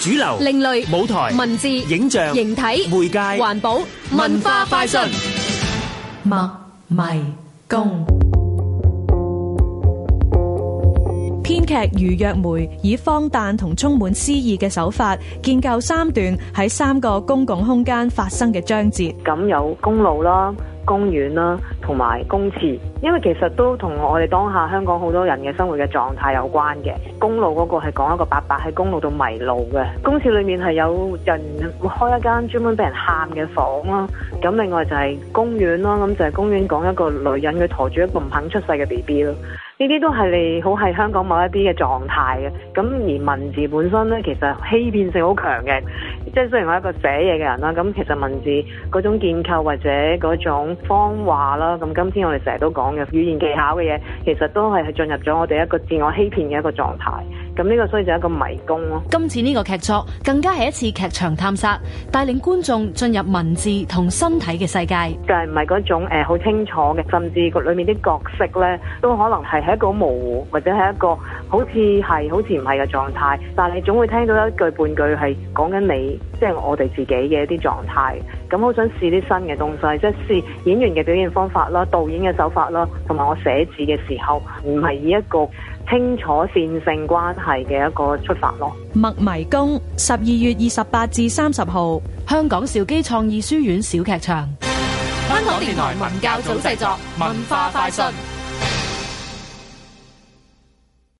主流另類舞台文字影像形體媒介環保文化快訊，墨迷宮編劇余若梅以荒誕同充滿詩意嘅手法建構三段喺三個公共空間發生嘅章節，咁有公路啦公園啦，同埋公廁，因為其實都同我哋當下香港好多人嘅生活嘅狀態有關嘅。公路嗰個係講一個伯伯喺公路度迷路嘅，公廁裡面係有人會開一間專門俾人喊嘅房啦。咁另外就係公園啦，咁就係、是、公園講一個女人佢陀住一個唔肯出世嘅 B B 咯。呢啲都係你好係香港某一啲嘅狀態嘅。咁而文字本身呢，其實欺騙性好強嘅。即係雖然我係一個寫嘢嘅人啦，咁其實文字嗰種建構或者嗰種方話啦，咁今天我哋成日都講嘅語言技巧嘅嘢，其實都係係進入咗我哋一個自我欺騙嘅一個狀態。咁呢個所以就係一個迷宮咯。今次呢個劇作更加係一次劇場探索，帶領觀眾進入文字同身體嘅世界，就係唔係嗰種呃、好清楚嘅，甚至個裡面啲角色咧都可能係喺一個模糊或者係一個。好似係好似唔係嘅狀態，但係你總會聽到一句半句係講緊你，即係我哋自己嘅一啲狀態。咁我想試啲新嘅東西，即係試演員嘅表現方法啦，導演嘅手法啦，同埋我寫字嘅時候，唔係以一個清楚線性關係嘅一個出發咯。《墨迷宮》十二月二十八至三十號，香港兆基創意書院小劇場。香港電台文教組製作，文化快訊。